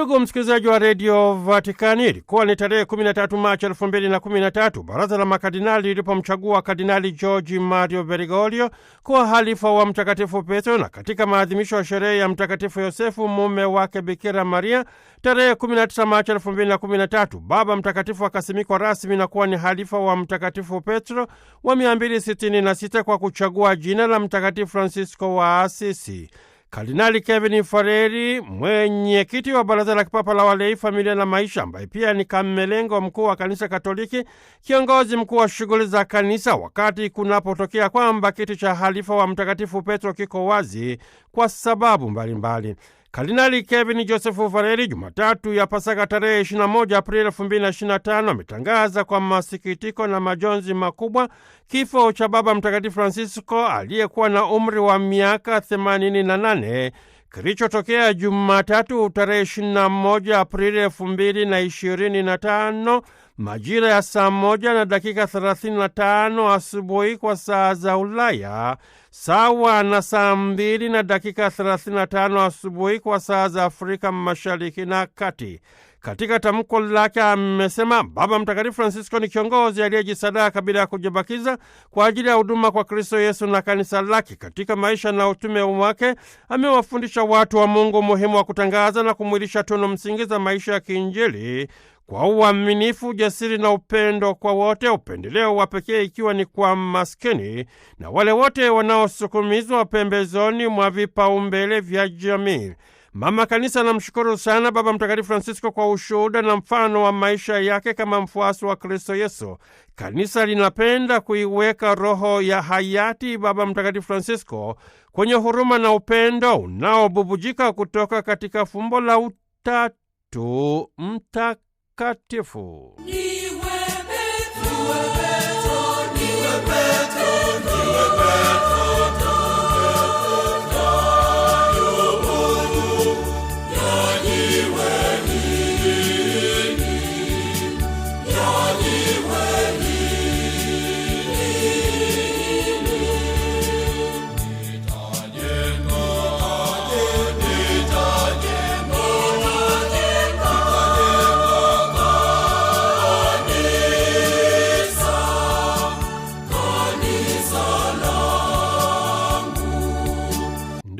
Ndugu msikilizaji wa redio Vatikani, ilikuwa ni tarehe 13 Machi 213 baraza la makardinali lilipomchagua Kardinali Georgi Mario berigolio kuwa halifa wa Mtakatifu Petro, na katika maadhimisho ya sherehe ya Mtakatifu Yosefu mume wake Bikira Maria tarehe 19 Machi 213 Baba Mtakatifu akasimikwa rasmi na kuwa ni halifa wa Mtakatifu Petro wa 266 kwa kuchagua jina la Mtakatifu Francisco wa Asisi. Kardinali Kevin Fareri, mwenyekiti wa Baraza la Kipapa la Walei, Familia na Maisha, ambaye pia ni kamelengo mkuu wa Kanisa Katoliki, kiongozi mkuu wa shughuli za kanisa, wakati kunapotokea kwamba kiti cha halifa wa Mtakatifu Petro kiko wazi kwa sababu mbalimbali mbali. Kardinali Kevin joseph Vareli Jumatatu ya Pasaka tarehe 21 Aprili 2025 ametangaza kwa masikitiko na majonzi makubwa kifo cha Baba Mtakatifu Francisco aliyekuwa na umri wa miaka 88 kilichotokea Jumatatu tarehe 21 Aprili 2025 majira ya saa moja na dakika 35 asubuhi kwa saa za Ulaya sawa na saa mbili na dakika 35 asubuhi kwa saa za Afrika Mashariki na Kati. Katika tamko lake amesema Baba Mtakatifu Francisco ni kiongozi aliyejisadaka bila ya kujibakiza kwa ajili ya huduma kwa Kristo Yesu na kanisa lake. Katika maisha na utume wake amewafundisha watu wa Mungu umuhimu wa kutangaza na kumwilisha tunu msingi za maisha ya kiinjili kwa uaminifu, ujasiri na upendo kwa wote, upendeleo wa pekee ikiwa ni kwa maskini na wale wote wanaosukumizwa pembezoni mwa vipaumbele vya jamii. Mama Kanisa anamshukuru sana Baba Mtakatifu Francisco kwa ushuhuda na mfano wa maisha yake kama mfuasi wa Kristo Yesu. Kanisa linapenda kuiweka roho ya hayati Baba Mtakatifu Francisco kwenye huruma na upendo unaobubujika kutoka katika fumbo la Utatu Mtakatifu. Mtakatifu. Ni wewe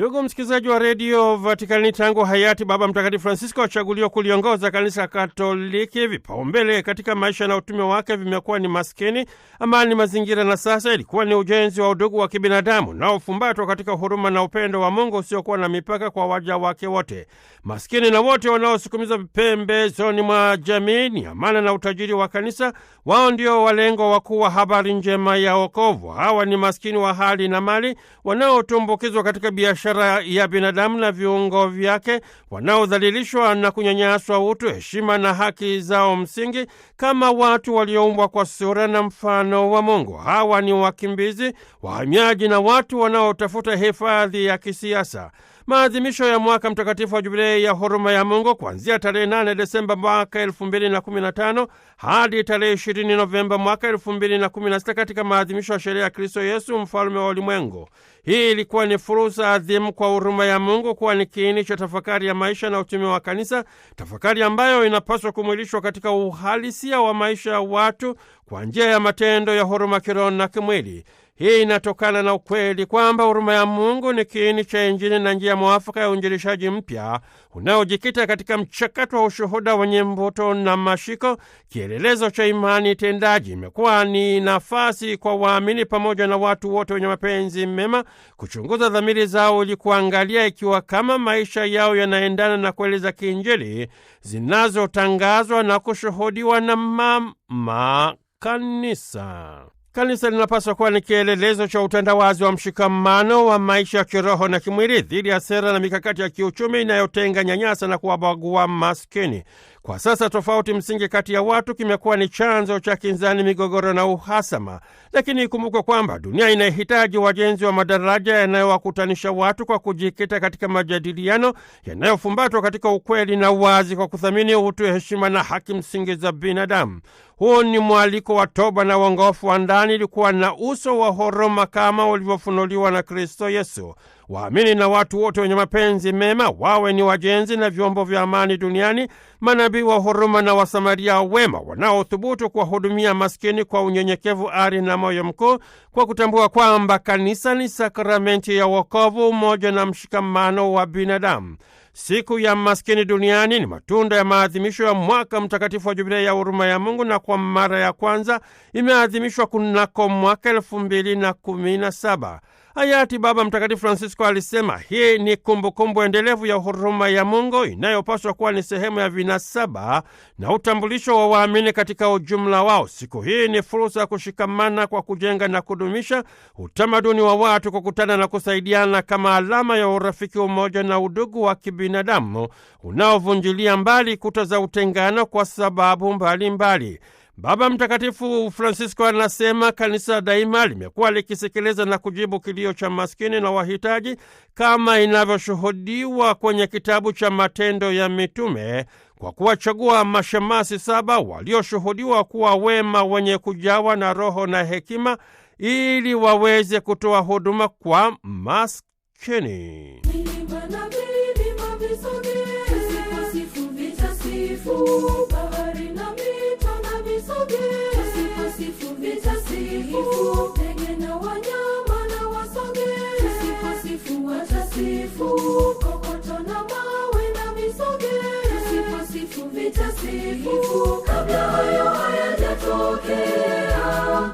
Ndugu msikilizaji wa redio Vatikani, tangu hayati Baba Mtakatifu Francisco achaguliwa kuliongoza kanisa Katoliki, vipaumbele katika maisha na utume wake vimekuwa ni maskini, amani, mazingira na sasa ilikuwa ni ujenzi wa udugu wa kibinadamu naofumbatwa katika huruma na upendo wa Mungu usiokuwa na mipaka kwa waja wake wote, maskini na wote wanaosukumizwa pembezoni mwa jamii. Ni amana na utajiri wa kanisa, wao ndio walengwa wakuu wa habari njema ya wokovu. Hawa ni maskini wa hali na mali wanaotumbukizwa katika biashara biashara ya binadamu na viungo vyake, wanaodhalilishwa na kunyanyaswa utu, heshima na haki zao msingi, kama watu walioumbwa kwa sura na mfano wa Mungu. Hawa ni wakimbizi, wahamiaji na watu wanaotafuta hifadhi ya kisiasa maadhimisho ya mwaka mtakatifu wa jubilei ya huruma ya Mungu kuanzia tarehe 8 Desemba mwaka 215 hadi tarehe 20 Novemba mwaka 216 katika maadhimisho ya sherehe ya Kristo Yesu mfalme wa ulimwengu. Hii ilikuwa ni fursa adhimu kwa huruma ya Mungu kuwa ni kiini cha tafakari ya maisha na utume wa kanisa, tafakari ambayo inapaswa kumwilishwa katika uhalisia wa maisha ya watu kwa njia ya matendo ya huruma kiroho na kimwili. Hii inatokana na ukweli kwamba huruma ya Mungu ni kiini cha Injili na njia mwafaka ya uinjilishaji mpya unaojikita katika mchakato wa ushuhuda wenye mvuto na mashiko. Kielelezo cha imani tendaji imekuwa ni nafasi kwa waamini pamoja na watu wote wenye mapenzi mema kuchunguza dhamiri zao ili kuangalia ikiwa kama maisha yao yanaendana na kweli za kiinjili zinazotangazwa na kushuhudiwa na mama kanisa. Kanisa linapaswa kuwa ni kielelezo cha utandawazi wa mshikamano wa maisha ya kiroho na kimwili dhidi ya sera na mikakati ya kiuchumi inayotenga nyanyasa na kuwabagua maskini. Kwa sasa tofauti msingi kati ya watu kimekuwa ni chanzo cha kinzani, migogoro na uhasama. Lakini ikumbukwe kwamba dunia inahitaji wajenzi wa madaraja yanayowakutanisha watu kwa kujikita katika majadiliano yanayofumbatwa katika ukweli na wazi, kwa kuthamini utu, heshima na haki msingi za binadamu. Huu ni mwaliko wa toba na uongofu wa ndani, ilikuwa na uso wa horoma kama ulivyofunuliwa na Kristo Yesu. Waamini na watu wote wenye mapenzi mema wawe ni wajenzi na vyombo vya amani duniani, manabii wa huruma na wasamaria wema wanaothubutu kuwahudumia maskini kwa unyenyekevu, ari na moyo mkuu, kwa kutambua kwamba kanisa ni sakramenti ya wokovu, umoja na mshikamano wa binadamu. Siku ya maskini duniani ni matunda ya maadhimisho ya mwaka mtakatifu wa jubilei ya huruma ya Mungu, na kwa mara ya kwanza imeadhimishwa kunako mwaka elfu mbili na kumi na saba. Hayati Baba Mtakatifu Francisco alisema hii ni kumbukumbu kumbu endelevu ya huruma ya Mungu inayopaswa kuwa ni sehemu ya vinasaba na utambulisho wa waamini katika ujumla wao. Siku hii ni fursa ya kushikamana kwa kujenga na kudumisha utamaduni wa watu kukutana na kusaidiana kama alama ya urafiki, umoja na udugu wa kibinadamu unaovunjilia mbali kuta za utengano kwa sababu mbalimbali mbali. Baba Mtakatifu Francisco anasema kanisa daima limekuwa likisikiliza na kujibu kilio cha maskini na wahitaji kama inavyoshuhudiwa kwenye kitabu cha Matendo ya Mitume kwa kuwachagua mashemasi saba walioshuhudiwa kuwa wema, wenye kujawa na roho na hekima, ili waweze kutoa huduma kwa maskini. Tusifu vitasifu, ndege na wanyama na wasonge. Tusiposifu watasifu, kokoto na mawe na misonge. Tusiposifu vitasifu, kabla hayo hayajatokea.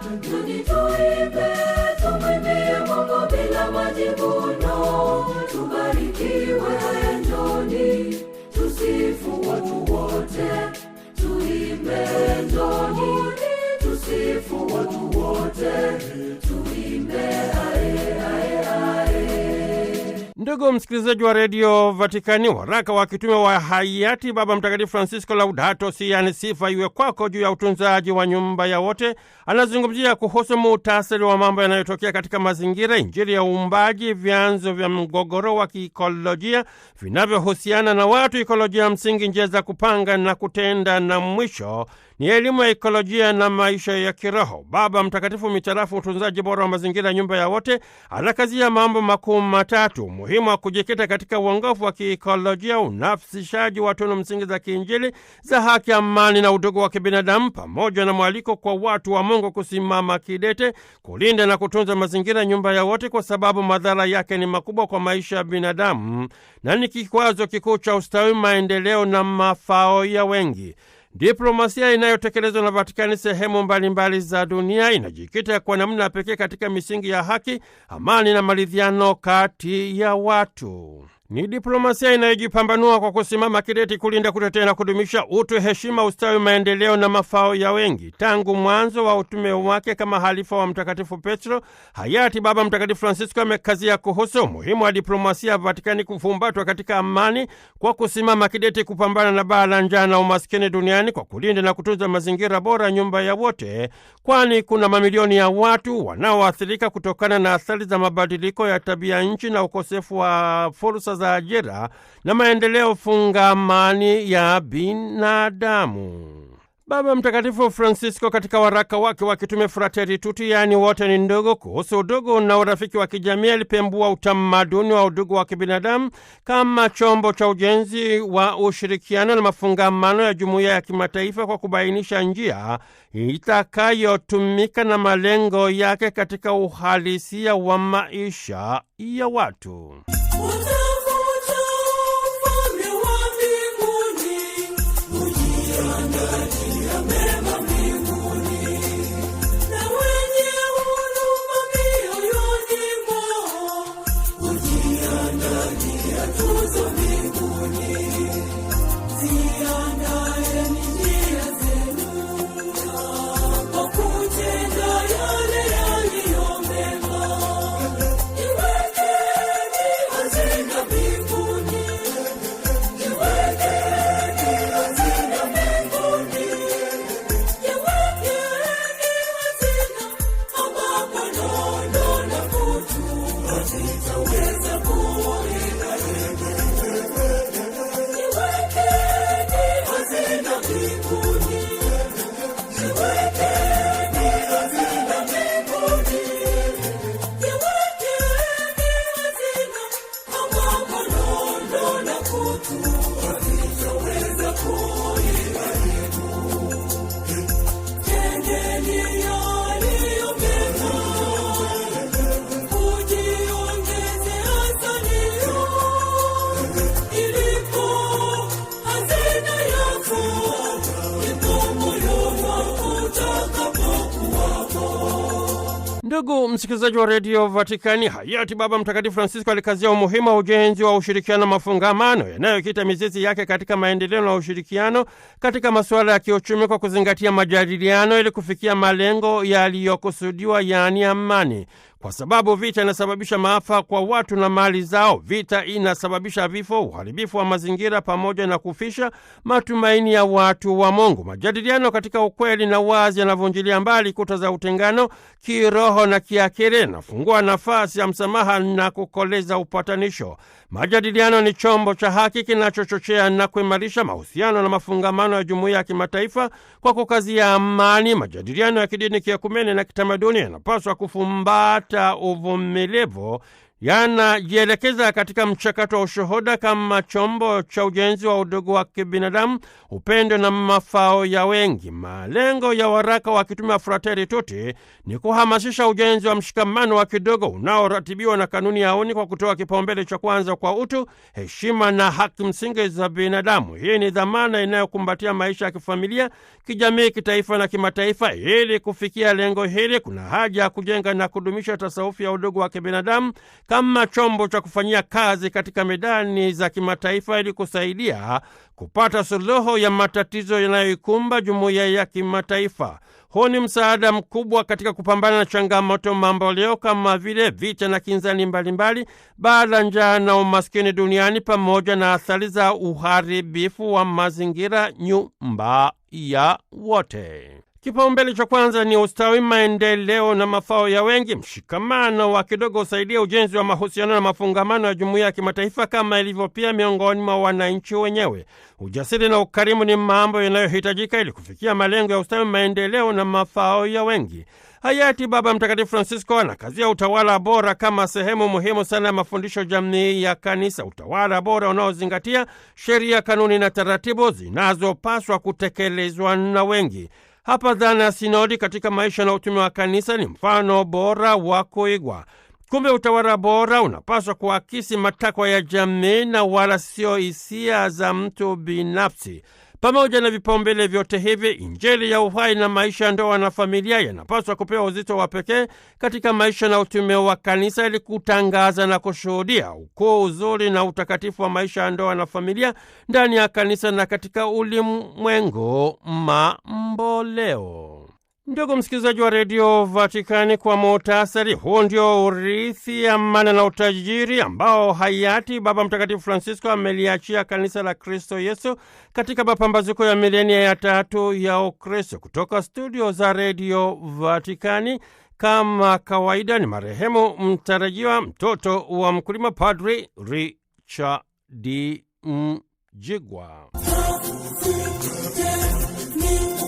Ndugu msikilizaji wa redio Vatikani, waraka wa kitume wa hayati Baba Mtakatifu Francisco Laudato Si, yani sifa iwe kwako, juu ya utunzaji wa nyumba ya wote, anazungumzia kuhusu muhtasari wa mambo yanayotokea katika mazingira, Injili ya uumbaji, vyanzo vya mgogoro wa kiikolojia vinavyohusiana na watu, ikolojia msingi, njia za kupanga na kutenda, na mwisho ni elimu ya ikolojia na maisha ya kiroho. Baba Mtakatifu mitarafu utunzaji bora wa mazingira, nyumba ya wote, anakazia mambo makuu matatu: umuhimu wa kujikita katika uongofu wa kiikolojia, unafsishaji wa tunu msingi za kiinjili za haki, amani na udugu wa kibinadamu, pamoja na mwaliko kwa watu wa Mungu kusimama kidete kulinda na kutunza mazingira, nyumba ya wote, kwa sababu madhara yake ni makubwa kwa maisha ya binadamu na ni kikwazo kikuu cha ustawi, maendeleo na mafao ya wengi. Diplomasia inayotekelezwa na Vatikani sehemu mbalimbali mbali za dunia inajikita kwa namna pekee katika misingi ya haki, amani na maridhiano kati ya watu ni diplomasia inayojipambanua kwa kusimama kidete kulinda, kutetea na kudumisha utu, heshima, ustawi, maendeleo na mafao ya wengi. Tangu mwanzo wa utume wake kama halifa wa Mtakatifu Petro, hayati Baba Mtakatifu Francisco amekazia kuhusu umuhimu wa diplomasia ya Vatikani kufumbatwa katika amani kwa kusimama kidete kupambana na baa la njaa na umaskini duniani kwa kulinda na kutunza mazingira bora, nyumba ya wote, kwani kuna mamilioni ya watu wanaoathirika kutokana na athari za mabadiliko ya tabia nchi na ukosefu wa fursa za ajira na maendeleo fungamani ya binadamu. Baba Mtakatifu Francisco katika waraka wake wa kitume Fratelli Tutti, yaani wote ni ndugu, kuhusu udugu na urafiki wa kijamii alipembua utamaduni wa udugu wa kibinadamu kama chombo cha ujenzi wa ushirikiano na mafungamano ya jumuiya ya kimataifa kwa kubainisha njia itakayotumika na malengo yake katika uhalisia wa maisha ya watu Ndugu msikilizaji wa redio Vatikani, hayati Baba Mtakatifu Francisco alikazia umuhimu wa ujenzi wa ushirikiano mafungamano yanayokita mizizi yake katika maendeleo na ushirikiano katika masuala ya kiuchumi kwa kuzingatia majadiliano ili kufikia malengo yaliyokusudiwa, yaani amani kwa sababu vita inasababisha maafa kwa watu na mali zao. Vita inasababisha vifo, uharibifu wa mazingira, pamoja na kufisha matumaini ya watu wa Mungu. Majadiliano katika ukweli na wazi yanavunjilia mbali kuta za utengano kiroho na kiakili, nafungua nafasi ya msamaha na kukoleza upatanisho. Majadiliano ni chombo cha haki kinachochochea na kuimarisha mahusiano na mafungamano ya jumuiya ya kimataifa kwa kukazia amani. Majadiliano ya kidini, kiekumene na kitamaduni yanapaswa kufumbata uvumilivu yanajielekeza katika mchakato wa ushuhuda kama chombo cha ujenzi wa udugu wa kibinadamu, upendo na mafao ya wengi. Malengo ya waraka wa kitume wa Frateri Tuti ni kuhamasisha ujenzi wa mshikamano wa kidogo unaoratibiwa na kanuni ya auni kwa kutoa kipaumbele cha kwanza kwa utu, heshima na haki msingi za binadamu. Hii ni dhamana inayokumbatia maisha ya kifamilia, kijamii, kitaifa na kimataifa. Ili kufikia lengo hili, kuna haja ya kujenga na kudumisha tasawufi ya udugu wa kibinadamu kama chombo cha kufanyia kazi katika medani za kimataifa ili kusaidia kupata suluhu ya matatizo yanayoikumba jumuiya ya kimataifa. Huu ni msaada mkubwa katika kupambana na changamoto mamboleo kama vile vita na kinzani mbalimbali, baada njaa na umaskini duniani, pamoja na athari za uharibifu wa mazingira, nyumba ya wote. Kipaumbele cha kwanza ni ustawi, maendeleo na mafao ya wengi. Mshikamano wa kidogo usaidia ujenzi wa mahusiano na mafungamano ya jumuiya ya kimataifa kama ilivyo pia miongoni mwa wananchi wenyewe. Ujasiri na ukarimu ni mambo yanayohitajika ili kufikia malengo ya ustawi, maendeleo na mafao ya wengi. Hayati Baba Mtakatifu Francisco anakazia utawala bora kama sehemu muhimu sana ya mafundisho jamii ya Kanisa, utawala bora unaozingatia sheria, kanuni na taratibu zinazopaswa kutekelezwa na wengi. Hapa dhana ya sinodi katika maisha na utume wa kanisa ni mfano bora wa kuigwa. Kumbe utawala bora unapaswa kuakisi matakwa ya jamii na wala sio hisia za mtu binafsi. Pamoja na vipaumbele vyote hivi, Injili ya uhai na maisha, ndoa na familia yanapaswa kupewa uzito wa pekee katika maisha na utume wa kanisa ili kutangaza na kushuhudia ukuu, uzuri na utakatifu wa maisha ya ndoa na familia ndani ya kanisa na katika ulimwengu mamboleo. Ndugu msikilizaji wa redio Vatikani, kwa muhtasari huu ndio urithi, amana na utajiri ambao hayati Baba Mtakatifu Francisco ameliachia kanisa la Kristo Yesu katika mapambazuko ya milenia ya tatu ya Ukristo. Kutoka studio za redio Vatikani, kama kawaida, ni marehemu mtarajiwa mtoto wa mkulima, Padri Richard Mjigwa